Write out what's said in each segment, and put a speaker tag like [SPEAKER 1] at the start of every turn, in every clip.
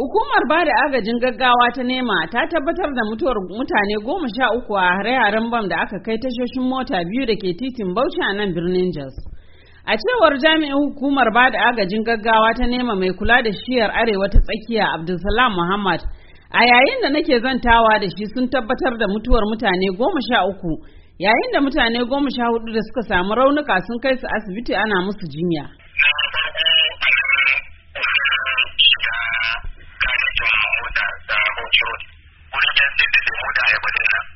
[SPEAKER 1] Hukumar ba da agajin gaggawa ta nema ta tabbatar da mutuwar mutane goma sha uku a hare-haren bam da aka kai tashoshin mota biyu da ke titin Bauchi a nan birnin Jos. A cewar jami'in hukumar ba da agajin gaggawa ta nema mai kula da shiyar arewa ta tsakiya Abdulsalam Muhammad a yayin da nake zantawa da shi sun tabbatar da mutuwar mutane goma sha uku yayin da mutane goma sha hudu da suka samu raunuka sun kai su asibiti ana musu jinya. 什么精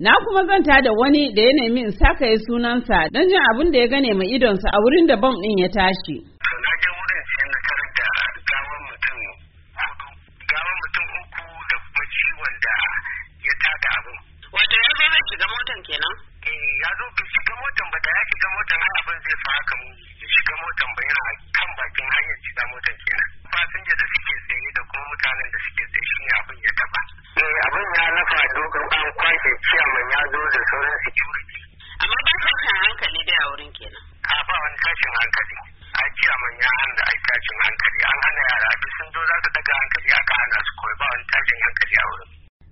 [SPEAKER 1] Na kuma zanta da wani da ya nemi in saka ya sunansa don jin abin da ya gane mai idonsa a wurin da bom ɗin ya tashi. Eh,
[SPEAKER 2] ya zo bai shiga motan ba da ya shiga motan abin zai fi haka mu shiga motan ba yana